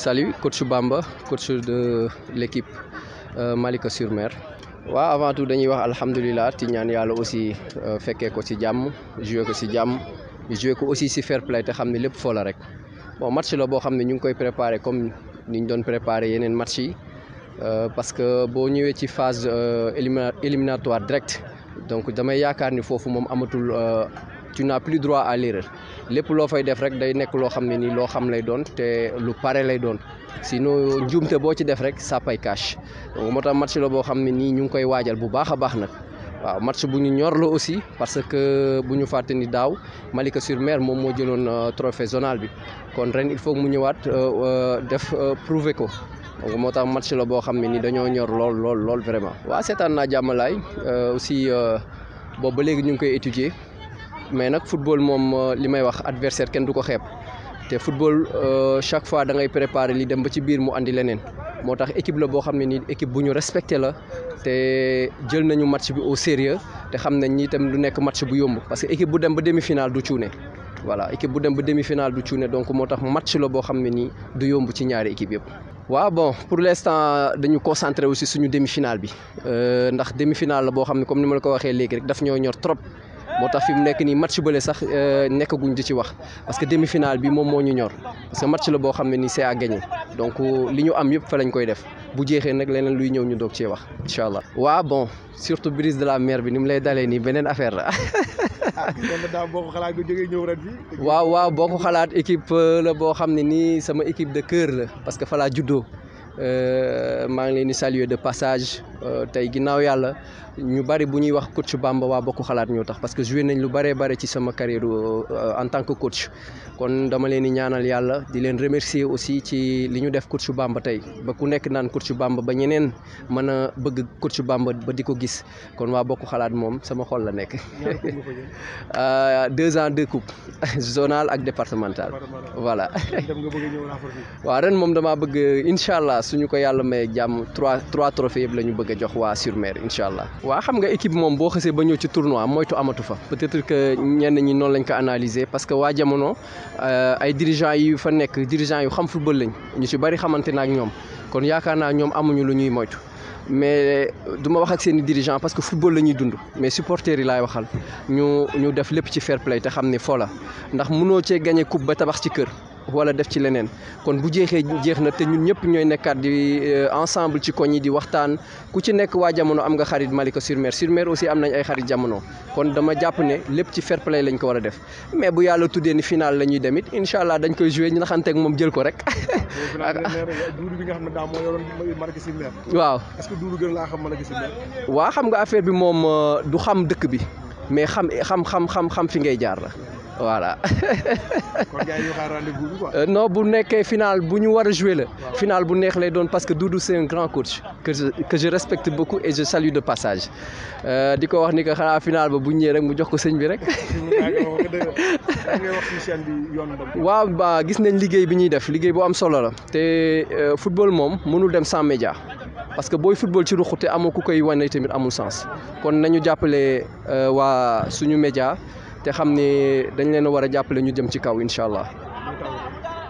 Salut, coach Bamba, coach de l'équipe euh, Malika sur mer. Wa avant tout dañuy wax alhamdoulillah ti ñaan yalla aussi euh, féké ko ci jamm, joué ko ci jàmm jouer ko aussi ci fair play té xamni lepp fo la rek bon match la bo xamni ne ñu ngi koy préparé comme niñ ñu doon préparé yeneen match yi euh, parce que bo ñëwé ci phase euh, éliminatoire direct donc damay yaakaar ni fofu mom amatul tu n'as plus droit à l'erreur lépp loo fay def rek day nekk loo xam ne nii loo xam lay doon te lu pare lay doon sinon njuumte boo ci def rek ça paye cash moo tax match la boo xam ne nii ñu ngi koy waajal bu baax a baax nag waaw match bu ñu ñor la aussi parce que bu ñu fàtte ni daaw Malika sur Mer moom moo jëloon euh, trophée zonal bi kon ren il faut mu ñëwaat euh, euh, def prouver ko moo tax match la boo xam ne ni dañoo ñor lool lool lool vraiment. waaw seetaan naa jàmmalaay aussi boobu ba léegi ñu koy étudier. mais nag football moom euh, li may wax adversaire kenn du ko xeeb te football euh, chaque fois da ngay préparer li dem ba ci biir mu andi leneen moo tax équipe la boo xam ne nii équipe bu ñu respecté la jël nañu match bi au sérieux te xam nañ ni du nekk match bu yomb parce que équipe bu dem ba demi-finale du cuune voilà dem ba demi du cuune donc moo tax match la boo xam ne nii du yomb ci ñaari équipe yëpp. waaw bon pour l'instant dañu concentré aussi suñu demi-finale bi euh, ndax demi-finale la boo xam ne comme ni ma la ko waxee léegi rek daf ñoo ñor trop. motax fim nek ni match sax euh, di parce que demi finale bi mom un match la ni c'est à gagner donc euh, liñu am yépp fa lañ koy def bu jéxé nak lénen luy ñëw ñu ci bon surtout brise de la mer bi nim lay dalé ni est affaire la. Ah, waaw waaw équipe euh, la C'est équipe de cœur parce que fa laa judo. ma ngi leen saluer de passage. Euh, tey ginnaaw yàlla ñu bari bu ñuy wax coach Bamba waa bokk xalaat ñoo tax parce que joué nañ lu bare bare ci sama carrière euh, en tant que coach kon dama leen di ñaanal yàlla di leen remercier aussi ci li ñu def coach Bamba tey ba ku nekk naan coach Bamba ba ñeneen mën a bëgg coach Bamba ba di ko gis kon waa bokk xalaat moom sama xol la nekk euh, deux ans deux coupes zonal ak départemental voilà waaw ren moom dama bëgg incha allah suñu ko yàlla may jàmm trois trois trophées yëpp la ñu bëgg bëgg sur mer incha xam nga ba peut-être que ñenn ñi analyser parce que waa jamono euh, ay dirigeants yu fa dirigeants yu xam football lañ ñu ci bari kon amuñu moytu. mais euh, dirigeant parce que football mais supporters yi laay waxal ñu ñu def ci fair play te xam ne la ndax coupe wala def ci leneen kon bu jeexee jeex na te ñun ñëpp ñooy nekkaat di euh, ensemble ci koñ yi di waxtaan ku ci nekk waa jamono am nga xarit Malika sur Mer sur Mer aussi am nañ ay xarit jamono kon dama jàpp ne lépp ci fair play lañ ko war a def mais bu yàlla tuddee ni final la ñuy it incha allah dañ koy joué ñu naxanteeg moom jël ko rek. bi nga xam ne daa moo yoroon Malika sur Mer. waaw est-ce que duuru gën laa xam Malika sur Mer. waa xam nga affaire bi moom euh, du xam dëkk bi mais xam xam xam xam xam fi ngay jaar la. voilà. kon gars yi rendez-vous bi quoi. Euh, non bu nekkee final bu ñu war jouer la. final bu neex lay doon parce que Doudou c'est un grand coach. que je que je respecte beaucoup et je salue de passage euh, di ko wax ni que xanaa final ba bu ñëwee rek mu jox ko sëñ bi rek. waaw ba gis nañ liggéey bi ñuy def liggéey bu am solo la. te euh, football mom mënul dem sans média. parce que boy football ci ruxu te amoo koy wané tamit amul sens kon nañu jàppale wa suñu média te xam ne dañ leen war a jàppale ñu jëm ci kaw incha allah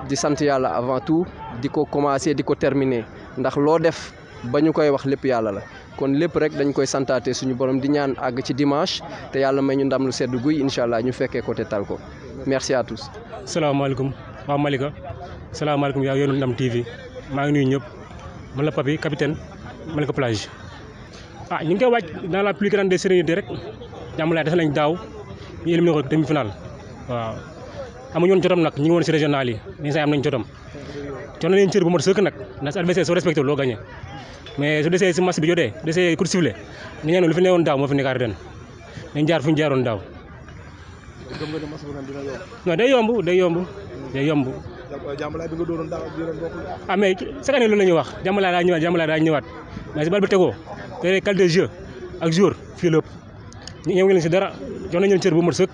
di sant yàlla avant tout di ko commencer di ko terminer ndax loo def ba ñu koy wax lépp yàlla la kon lépp rek dañ koy santaate suñu borom di ñaan àgg ci dimanche te yàlla may ñu ndam lu sedd guy incha allah ñu fekkee côté tal ko merci à tous. salaamaaleykum waa Malika salaamaaleykum yaa yoonu Ndam TV maa ngi nuyu ñëpp man la capitaine Malika Plage ah ñu ngi koy waaj dans la plus grande sérénité rek jàmm laa def nañ daaw. ñu éliminé ko demi final waaw amuñu woon jotam nag ñi ngi woon si régional yi ni say am nañ jotam jox na leen cër bu mot sëkk nag ndax sa adversaire soo respecté loo gagné mais su desee si match bi jotee desee coup de sifflet ñu ñaan lu fi newoon daaw moo fi nekkaat ren nañ jaar fu ñu jaaroon daaw non day yomb day yomb day yomb jàmbalaay bi nga doonoon daaw ak biiram bokkul ah mais chaque année loolu la ñuy wax jàmbalaay daa ñëwaat jàmbalaay daa ñëwaat mais si bal bi tegoo te qualité jeu ak jour fii lépp ñëw leen si dara jox nañu leen cër bu si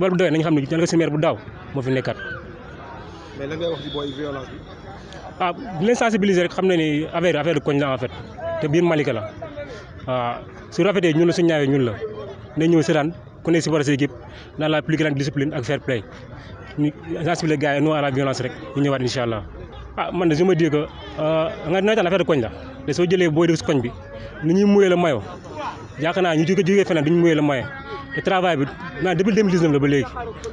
bal bu xam ne daanaka seen maire bu daaw moo fi nekkaat. mais lan ngay wax ci ah, sensibiliser rek xam ne ni affaire affaire koñ la en fait te biir Malika la waaw ah, su rafetee ñun la su ñaawee ñun la nañ ñëw seetaan ku nekk si par sa la plus grande discipline ak fair play ñu sensibiliser gars yi non à violence rek ñu ñëwaat allah. ah man de si ma dis a euh, nga nawetaan affaire koñ la de soo jëlee booy def si koñ bi ni ñuy muyee la mayo yaakaar naa ñu jóge jógee feneen duñu moye la moyen te travail bi naa depuis 2019 la ba léegi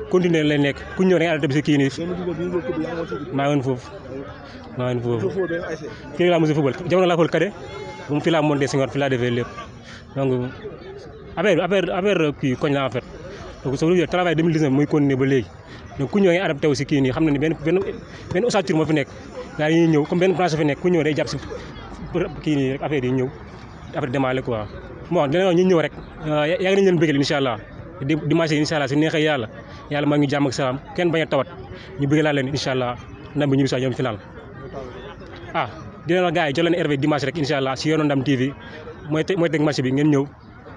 continuer lay nekk ku ñëw da ngay adapté si kii nii maa ngi foofu maa foofu kii laa mos a football jamono laa football kade bu mu fi laa monté si ngoon lépp donc affaire affaire affaire kii koñ la en fait soo ko travail 2019 mooy continuer ba léegi donc ku ñëw da ngay adapté aussi kii nii xam na ne benn benn benn ossature moo fi nekk daa ñëw comme benn branche fi nekk ku ñëw day jàpp kii nii rek yi ñëw après démarrer quoi bon dinañ ñu ñëw rek euh, yàgg nañ leen bëggal incha allah di dimanche incha allah su neexee yàlla yàlla maa ngi jàmm ak salaam kenn bañ a tawat ñu bëgg laa leen incha allah ndam bi ñu bis ñoom final ah dina la gars yi jox leen RV dimanche rek incha allah si yoonu ndam TV mooy mooy teg match bi ngeen ñëw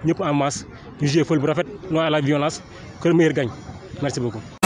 ñëpp en masse ñu jouer football bu rafet non à la violence que le meilleur gagne merci beaucoup